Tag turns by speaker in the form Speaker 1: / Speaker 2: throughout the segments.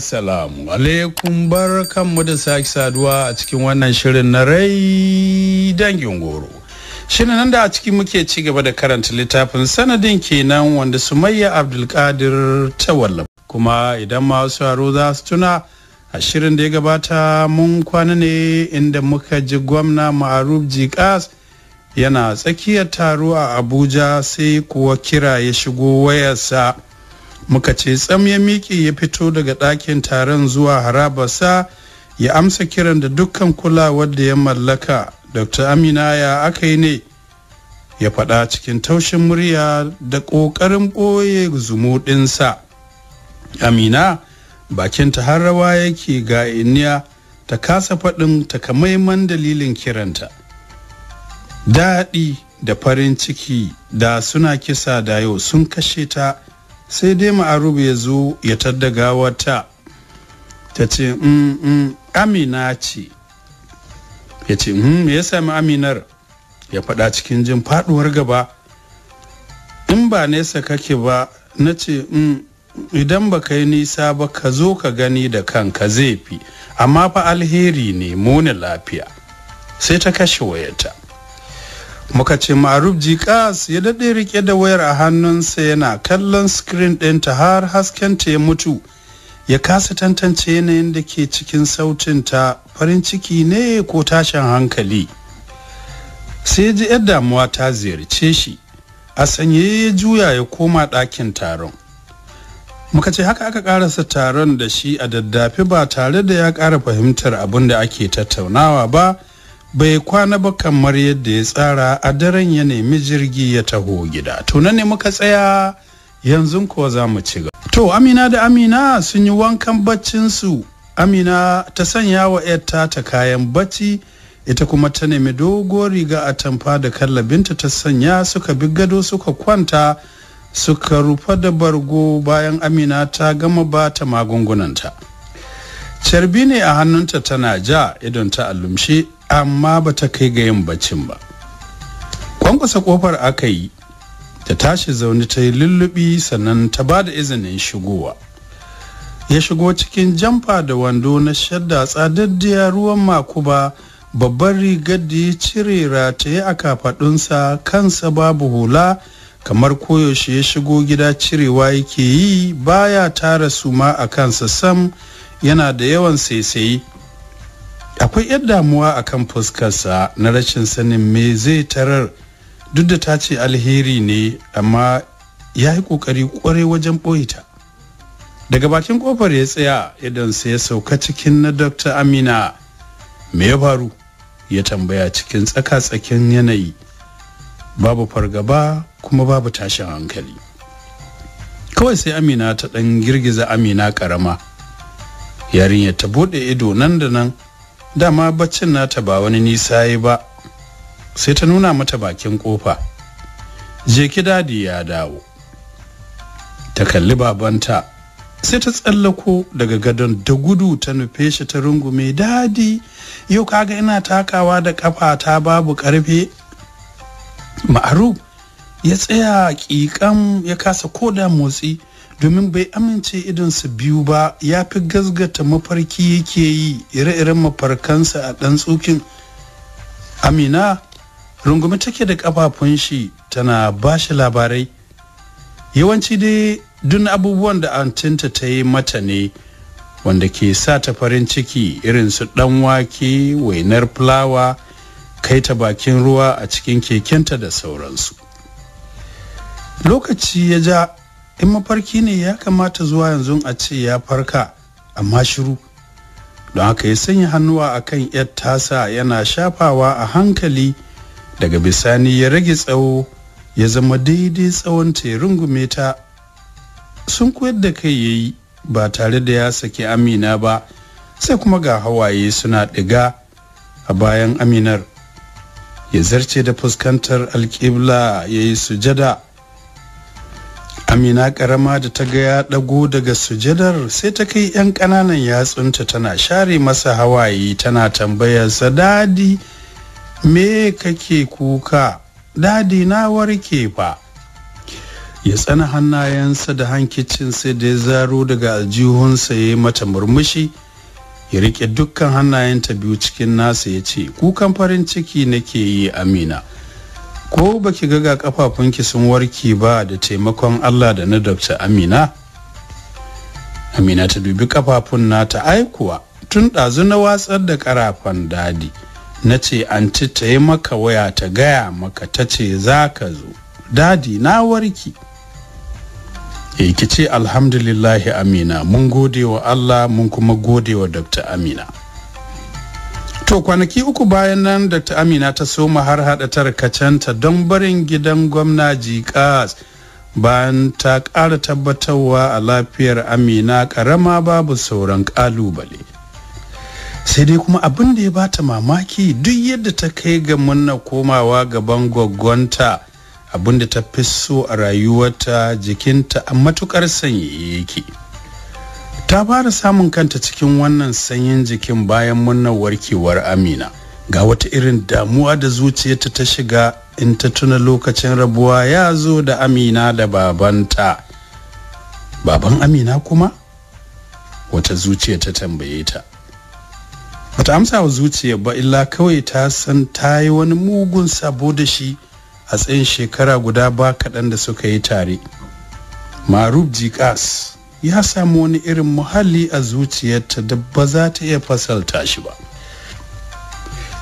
Speaker 1: salamu alaikum bar kanmu da sake saduwa a cikin wannan shirin na rai dangin goro. Shirin nan da a ciki muke ci gaba da karanta littafin sanadin kenan wanda Sumayya Abdulkadir ta wallafa. Kuma idan masu haro za su tuna a shirin da ya gabata mun kwana ne inda muka ji gwamna Ma'aruf Jikas yana tsakiyar taro a Abuja sai kuwa kira ya shigo wayarsa. muka ce tsam ya miƙe ya fito daga ɗakin taron zuwa sa ya amsa kiran da dukkan kulawar da ya mallaka dr amina ya aka yi ne ya faɗa cikin taushin murya da ƙoƙarin ɓoye zumuɗinsa amina bakinta har rawa yake ga iniya ta kasa faɗin takamaiman dalilin kiranta daɗi da farin ciki da suna kisa da yau sun kashe ta sai dai ma'arub ya zo ya taddaga wata ta ce mm, mm, amina ce ya ce mm, me ya sami aminar ya faɗa cikin jin faɗuwar gaba in ba nesa kake ba na ce idan ba ka yi nisa ba ka zo ka gani da kanka zai fi amma fa alheri ne muni lafiya sai ta kashe wayata muka ce ma'aruf jikas ya daɗe rike da wayar a hannunsa yana kallon screen ɗinta har haskenta ya mutu ya kasa tantance yanayin da ke cikin sautin ta farin ciki ne ko tashin hankali sai ji yar damuwa ta ziyarce shi a sanye ya juya ya koma ɗakin taron muka ce haka aka ƙarasa taron da shi a daddafi ba tare da ya ƙara fahimtar abin da ake tattaunawa ba bai kwana ba kamar yadda ya tsara a daren ya nemi jirgi ya taho gida to ne muka tsaya yanzu kuwa za mu ci gaba to amina da amina sun yi wankan baccinsu amina ta sanya wa yarta ta kayan bacci ita kuma ta nemi doguwar riga a tamfa da kallabinta ta sanya suka bi gado suka kwanta suka rufa da bargo bayan amina ta gama ba ta magungunanta carbi ne a hannunta tana ja idan ta allumshe amma ba ta kai ga yin baccin ba kwankwasa kofar aka yi ta tashi zaune ta yi lullubi sannan ta ba da izinin shigowa ya shigo cikin jamfa da wando na shadda tsadaddiya ruwan makuba babbar rigar da ya cire rataye a kafaɗunsa kansa babu hula kamar koyaushe ya shigo gida cirewa yake yi baya tara suma a kansa sam yana da yawan saisayi akwai yan damuwa akan fuskarsa na rashin sanin me zai tarar duk da ta ce alheri ne amma ya yi ƙoƙari ƙwarai wajen ɓoye ta daga bakin ƙofar ya tsaya idan sai ya sauka cikin na dr amina me ya faru ya tambaya cikin tsaka-tsakin yanayi babu fargaba kuma babu tashin hankali kawai sai amina ta ɗan girgiza amina ƙarama yarinyar ta buɗe ido nan da nan dama baccin nata ba wani nisa yi ba sai ta nuna mata bakin kofa je ki dadi ya dawo ta kalli babanta sai ta tsallako daga gadon da gudu ta nufe shi ta rungume dadi yau kaga ina takawa da kafa ta babu karfe ma'aruf ya tsaya kikan ya kasa koda motsi domin bai amince idonsa biyu ba ya fi gazgata mafarki yake yi ire-iren mafarkansa a ɗan tsokin amina rungumi take da ƙafafun shi tana ba shi labarai yawanci dai dun abubuwan da antinta ta yi mata ne wanda ke sa ta farin ciki irin su ɗan wake wainar fulawa kai ta bakin ruwa a cikin kekenta da sauransu lokaci ya ja in mafarki ne ya kamata zuwa yanzu a ce ya farka amma shiru don haka ya sanya hannuwa a kan yar tasa yana shafawa a hankali daga bisani ya rage tsawo ya zama daidai tsawon ta rungume ta sun koyar da kai ya yi ba tare da ya saki amina ba sai kuma ga hawaye suna ɗiga a bayan aminar ya zarce da fuskantar alƙibla ya yi sujada amina karama da ta ga ya dago daga sujadar sai ta kai 'yan ƙananan yatsunta tana share masa hawaye tana tambayar sa dadi me kake kuka dadi na warke fa ya tsana hannayensa da hankicin sai da ya zaro daga aljihunsa ya yi mata murmushi ya rike dukkan hannayenta biyu cikin nasa ya ce kukan farin ciki nake yi amina ko baki ga ga kafafunki sun warke ba da taimakon Allah da na Dr. Amina Amina ta dubi kafafun nata aikuwa tun ɗazu na watsar da karafan dadi na ce anti ta yi maka waya ta gaya maka ta ce za ka zo dadi na warki e eh, ki ce alhamdulillahi amina mun gode wa Allah mun kuma gode wa Dr. Amina to kwanaki uku bayan nan Dr. amina ta soma har hada tarkacenta don barin gidan gwamna jikas bayan ta kara tabbatarwa a lafiyar amina ƙarama babu sauran kalubale. sai dai kuma abin da ya bata mamaki duk yadda ta kai ga munna komawa gaban gwaggonta abin da ta fi so a rayuwarta jikinta a matukar sanyi yake ta fara samun kanta cikin wannan sanyin jikin bayan murnar warkewar amina ga wata irin damuwa da zuciyarta ta shiga in ta tuna lokacin rabuwa ya zo da amina da babanta baban amina kuma wata zuciya ta tambaye ta bata amsa wa zuciya ba illa kawai ta san ta yi wani mugun sabo da shi a tsayin shekara guda ba kaɗan da suka yi tare marub jikas ya samu wani irin muhalli a zuciyarta da ba za ta iya fasalta shi ba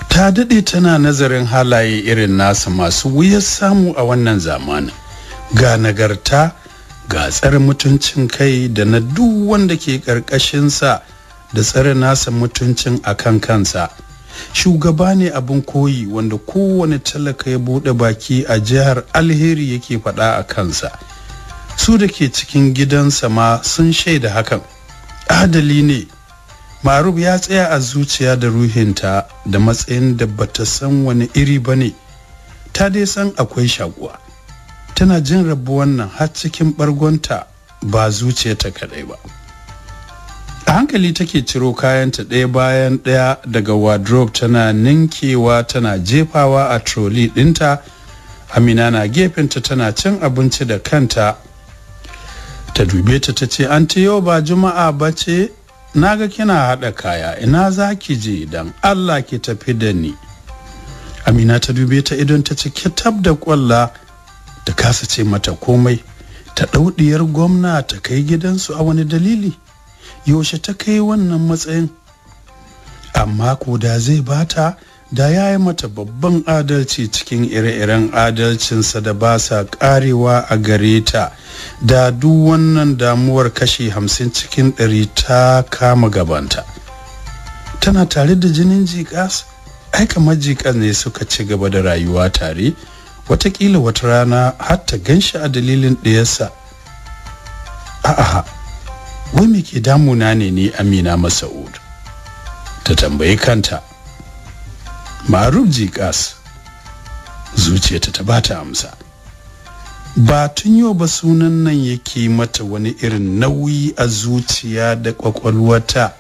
Speaker 1: ta daɗe tana nazarin halaye irin nasa masu wuyar samu a wannan zamanin ga nagarta ga tsare mutuncin kai da na duk wanda ke ƙarƙashinsa da tsare nasa mutuncin akan kansa shugaba ne abin koyi wanda kowane talaka ya buɗe baki a jihar alheri yake faɗa a kansa su da ke cikin gidansa ma sun shaida hakan adali ne marub ya tsaya a zuciya da ruhinta da matsayin da bata san wani iri ba ne ta dai san akwai shaguwa tana jin rabu wannan har cikin bargonta ba zuciyarta kadai ba a hankali take ciro kayanta ɗaya bayan ɗaya daga wardrobe tana ninkewa tana jefawa a trolley ɗinta amina na gefenta tana cin abinci da kanta ta dube ta ta ce an yau ba juma'a ba ce na ga kina haɗa kaya ina za ki je idan allah ki tafi da ni amina ta dube ta idan ta ce tab da kwalla ta kasa ce mata komai ta ɗauɗiyar gwamna ta kai gidansu a wani dalili yaushe ta kai wannan matsayin amma ko da zai bata da ya yi mata babban adalci cikin ire-iren adalcinsa da ba sa karewa a gare ta da duk wannan damuwar kashi hamsin cikin ɗari ta kama gabanta tana tare da jinin jikas ai kamar jikas ne suka ci gaba da rayuwa tare watakila wata rana har ta ganshi a dalilin ɗayarsa a'a wai me ke damuna ne ni amina masa'ud ta tambayi kanta maruf jikas zuciyarta ta bata amsa ba tun yau ba sunan nan yake mata wani irin nauyi a zuciya da kwakwalwata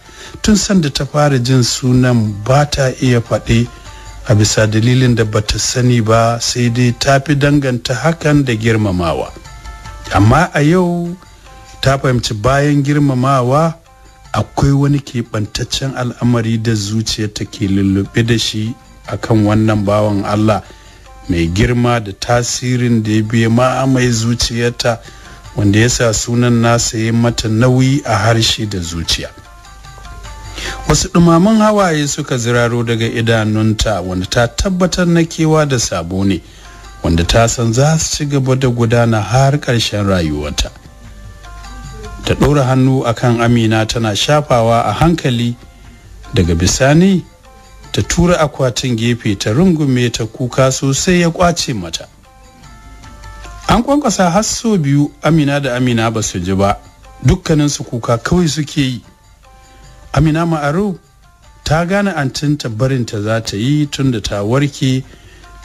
Speaker 1: tun sanda ta fara jin sunan ba iya faɗe a bisa dalilin da bata sani ba sai dai ta fi danganta hakan da girmamawa amma a yau ta fahimci bayan girmamawa akwai wani keɓantaccen al'amari da zuciya ke lullube da shi akan wannan bawan Allah mai girma da tasirin da ya biya ma zuciyarta wanda ya sa sunan nasa ya mata nauyi a harshe da zuciya wasu ɗumaman hawaye suka ziraro daga idanunta wanda ta tabbatar na kewa da sabo ne wanda ta san za su ci gaba da gudana har ƙarshen rayuwarta ta ɗora hannu akan amina tana shafawa a hankali daga bisani ta tura akwatin gefe ta rungume ta kuka sosai ya kwace mata an kwankwasa har so biyu amina da amina ba su ji ba dukkaninsu kuka kawai suke yi amina ma'aru ta gane antinta barinta za ta yi tun da ta warke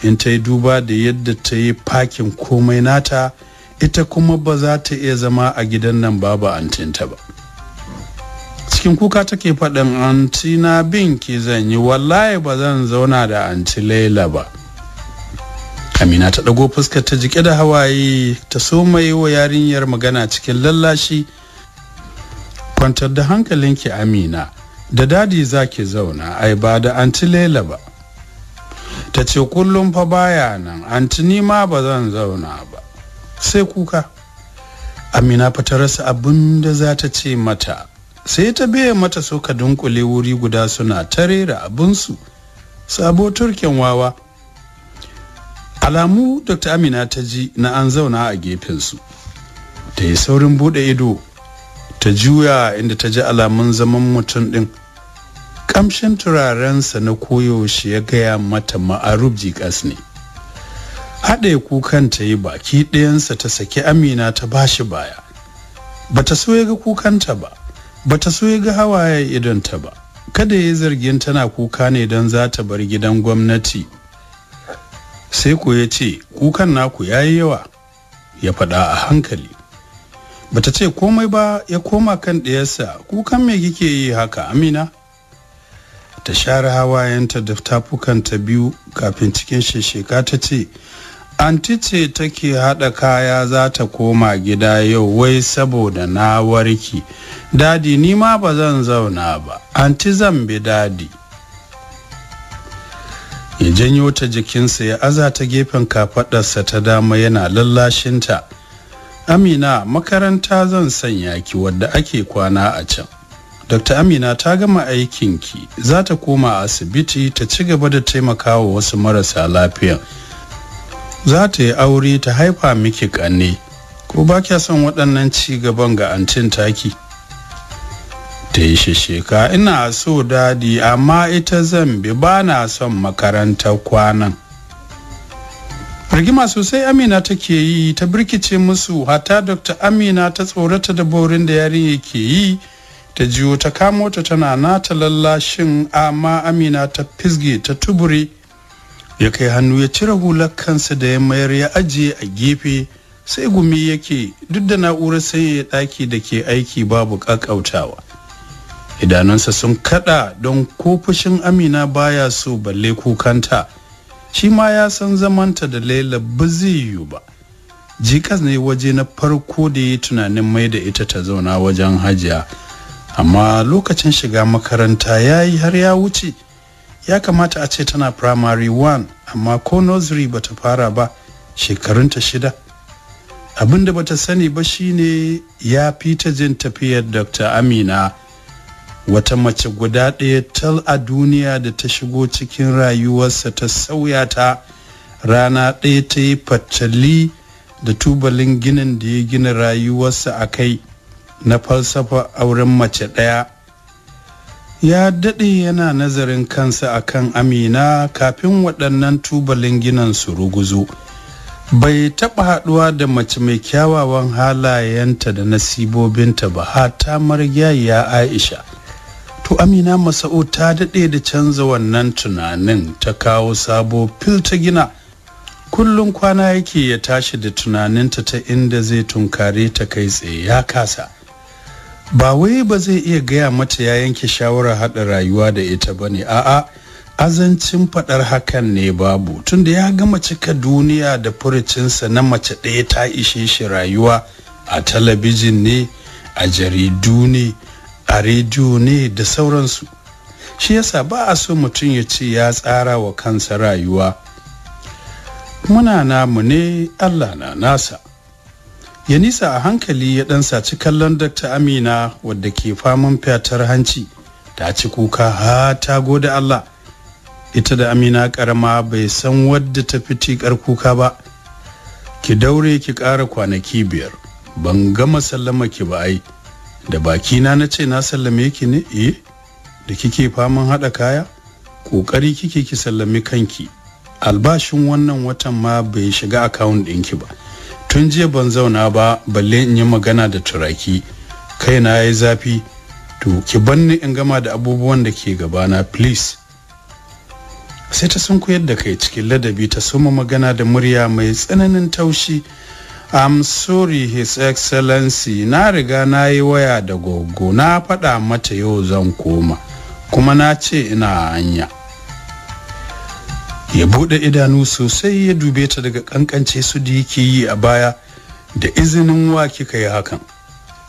Speaker 1: in ta yi duba da yadda ta yi fakin komai nata ita kuma ba za ta iya zama a gidan nan babu antinta ba. cikin kuka take faɗin anti na bin ki zan yi wallahi ba zan zauna da anti laila ba amina ta ɗago fuskar ta jike da hawaye ta so mai wa yarinyar magana cikin lallashi kwantar da hankalinki amina da dadi za ki zauna ai ba da anti laila ba ta ce kullum fa baya nan anti ni ma ba zan zauna ba sai kuka amina fa ta rasa abin da za ta ce mata sai ta biya mata suka dunkule wuri guda suna ta rera abinsu sabo turken wawa alamu dr amina ta ji na an zauna a gefensu ta yi saurin bude ido ta juya inda ta ji alamun zaman mutum din kamshin turarensa na koyaushe ya gaya mata ma'aruf jikas ne haɗe kukan ta yi baki ɗayansa ta saki amina ta bashi baya bata so ya ga kukanta ba bata so ya ga hawaye idonta ba kada ya zargin tana kuka ne don za ta bar gidan gwamnati sai ko ya ce kukan naku ya yi yawa ya faɗa a hankali bata ce komai ba ya koma kan ɗiyarsa kukan me kike yi haka amina ta share hawayenta da tafukanta biyu kafin cikin shesheka ta ce anti ce take haɗa kaya za ta koma gida yau wai saboda na warki dadi ni ma ba zan zauna ba anti zan bi dadi ya janyo ta jikinsa ya aza ta gefen kafaɗarsa ta dama yana lallashinta amina makaranta zan sanya ki wadda ake kwana a can dr amina ta gama aikinki za ta koma asibiti ta ci gaba da taimakawa wasu marasa lafiya za ta yi aure ta haifa miki ƙanne ko ba kya son waɗannan ci gaban ga antin taki ta yi shisheka ina so dadi amma ita zan bi ba na son makaranta kwanan rigima sosai amina take yi ta birkice musu hata dr amina ta tsorata da borin da yarinya ke yi ta jiyo ta kamo ta tana nata lallashin amma amina ta fisge ta tubure ya kai hannu ya cire hular kansa da ya mayar ya ajiye a gefe sai gumi yake duk da na'urar sanyaya ɗaki da ke aiki babu ƙaƙautawa idanunsa sun kaɗa don ko amina baya so balle kukanta shi ma ya san zamanta da laila ba zai yiwu ba jikas ne waje na farko da ya tunanin mai da ita ta zauna wajen hajiya amma lokacin shiga makaranta ya yi har ya wuce ya kamata a ce tana primary 1 amma ko nursery bata fara ba shekarunta shida da bata sani ba shine ya fi ta jin tafiyar dr amina wata mace guda ɗaya tal a duniya da ta shigo cikin rayuwarsa ta sauya ta rana ɗaya ta yi fatali da tubalin ginin da ya gina rayuwarsa a kai na falsafa auren mace ɗaya ya daɗe yana nazarin kansa akan amina kafin waɗannan tubalin ginan su ruguzo bai taɓa haɗuwa da mace mai kyawawan halayenta da nasibobinta ba hata ya aisha to amina masa'u ta daɗe da canza wannan tunanin ta kawo sabo fil ta gina kullum kwana yake ya tashi da tunaninta ta inda zai tunkare ta kai tsaye ya kasa ba wai ba zai iya gaya mata ya yanke shawarar haɗa rayuwa da ita ba ne a'a azancin faɗar hakan ne babu tunda ya gama cika duniya da furucinsa na mace ɗaya ta ishe shi rayuwa a talabijin ne a jaridu ne a rediyo ne da sauransu shi yasa ba a so mutum ya ce ya tsara wa kansa rayuwa muna namu ne allah na nasa ya a hankali ya dan saci kallon dr amina wadda ke faman fyatar hanci ta ci kuka ha ta gode allah ita da amina karama bai san wadda ta fi kar kuka ba ki daure ki ƙara kwanaki biyar ban gama sallama ki ba ai da bakina na ce na sallame ki ne eh da kike faman haɗa kaya ƙoƙari kike ki sallami kanki albashin wannan watan ma bai shiga akawun ɗinki ba tun jiya ban zauna ba balle in yi magana da turaki kai na yi zafi to ki banni in gama da abubuwan da ke gabana please sai ta sun koyar da kai cikin ladabi ta soma magana da murya mai tsananin taushi I'm sorry his excellency na riga na yi waya da gogo na faɗa mata yau zan koma kuma na ce ina hanya. ya bude idanu sosai ya dube ta daga kankance su da yake yi a baya da izinin wa kika yi hakan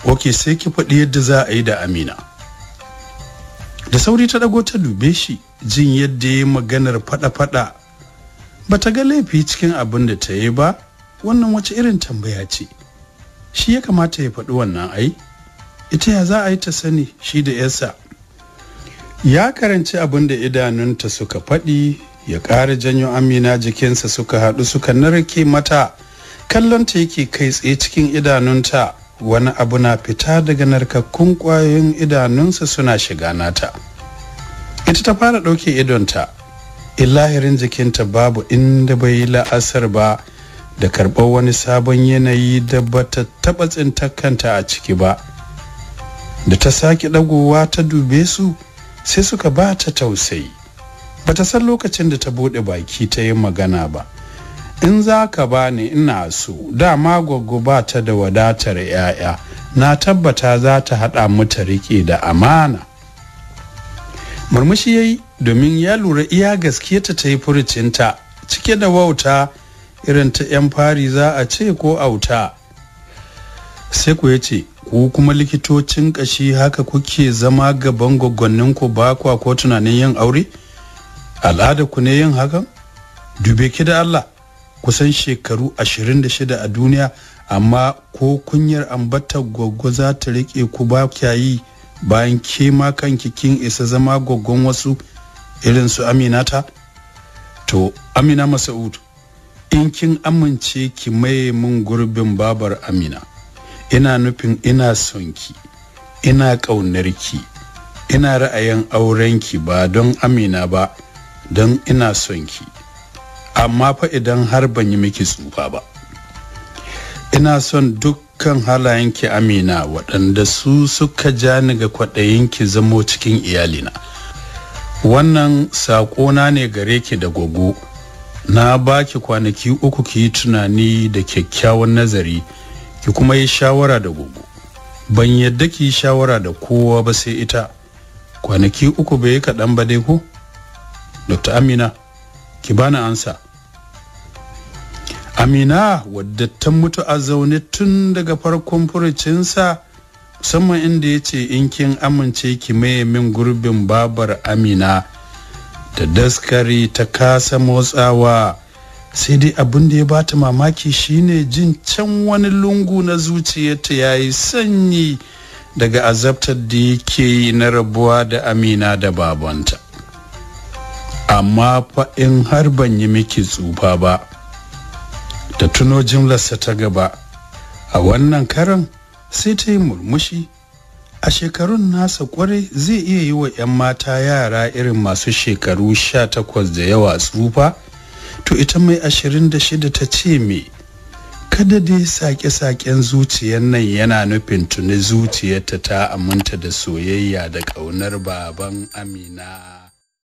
Speaker 1: oke sai ki faɗi yadda za a yi da amina da sauri ta dago ta dube shi jin yadda ya maganar faɗa-faɗa ba ta ga laifi cikin abin da ta yi ba wannan wace irin tambaya ce shi ya kamata ya faɗi wannan ai ita ya za a yi ta sani shi da 'yarsa. ya karanci abin da idanunta suka faɗi ya ƙara janyo amina jikinsa suka haɗu suka narke mata kallonta yake kai tsaye cikin idanunta wani abu na fita daga narkakkun ƙwayoyin idanunsa suna shiga nata ita ta fara ɗauke idonta ilahirin jikinta babu inda bai yi la'asar ba da karɓar wani sabon yanayi da bata taɓa tsintar a ciki ba da ta sake ɗagowa ta dube su sai suka ba ta tausayi bata san lokacin da ta bude baki ta yi magana ba in za ka bani ina so dama gwaggo ba ta da wadatar 'ya'ya na tabbata za ta haɗa mu ta riƙe da amana murmushi ya yi domin ya lura iya gaskiya ta yi ta cike da wauta irin ta 'yan fari za a ce ko auta sai ku ya ku kuma likitocin kashi haka kuke zama gaban gwaggwanninku ba kwa ko tunanin yin aure? al'ada ku ne yin hakan dube ki da Allah kusan shekaru 26 a duniya amma ko kunyar ambatar gwaggo za ta rike ku ba kyayi bayan ke ma kanki kin isa zama gwaggon wasu irin su aminata to amina masa'ud in kin amince ki maye min gurbin babar amina ina nufin ina son ki ina ƙaunar ki ina ra'ayin auren ki, ba don amina ba don ina son ki amma fa idan har ban yi miki tsufa ba ina son dukkan halayenki amina waɗanda su suka ja ni ga ki zamo cikin iyalina wannan saƙona ne gare ki da gogo na baki kwanaki uku ki yi tunani da kyakkyawan nazari ki kuma yi shawara da gogo ban yadda ki yi shawara da kowa ba sai ita kwanaki uku bai yi kaɗan ba dai ko? dr amina ki bani ansa amina wadda ta mutu a zaune tun daga farkon furucinsa musamman inda ya ce in kin amince ki maye min gurbin babar amina da daskari ta kasa motsawa sai dai abin da ya bata mamaki shine jin can wani lungu na zuciyarta ya yi sanyi daga azabtar da yake yi na rabuwa da amina da babanta amma fa in har ban yi miki tsufa ba ta tuno jimlarsa ta gaba a wannan karan sai ta yi murmushi a shekarun nasa kwarai zai iya yi wa 'yan mata yara irin masu shekaru sha takwas da yawa tsufa to ita mai ashirin da shida ta ce me kada dai sake-saken zuciyar nan yana nufin tuni zuciyarta ta aminta da soyayya da ƙaunar baban amina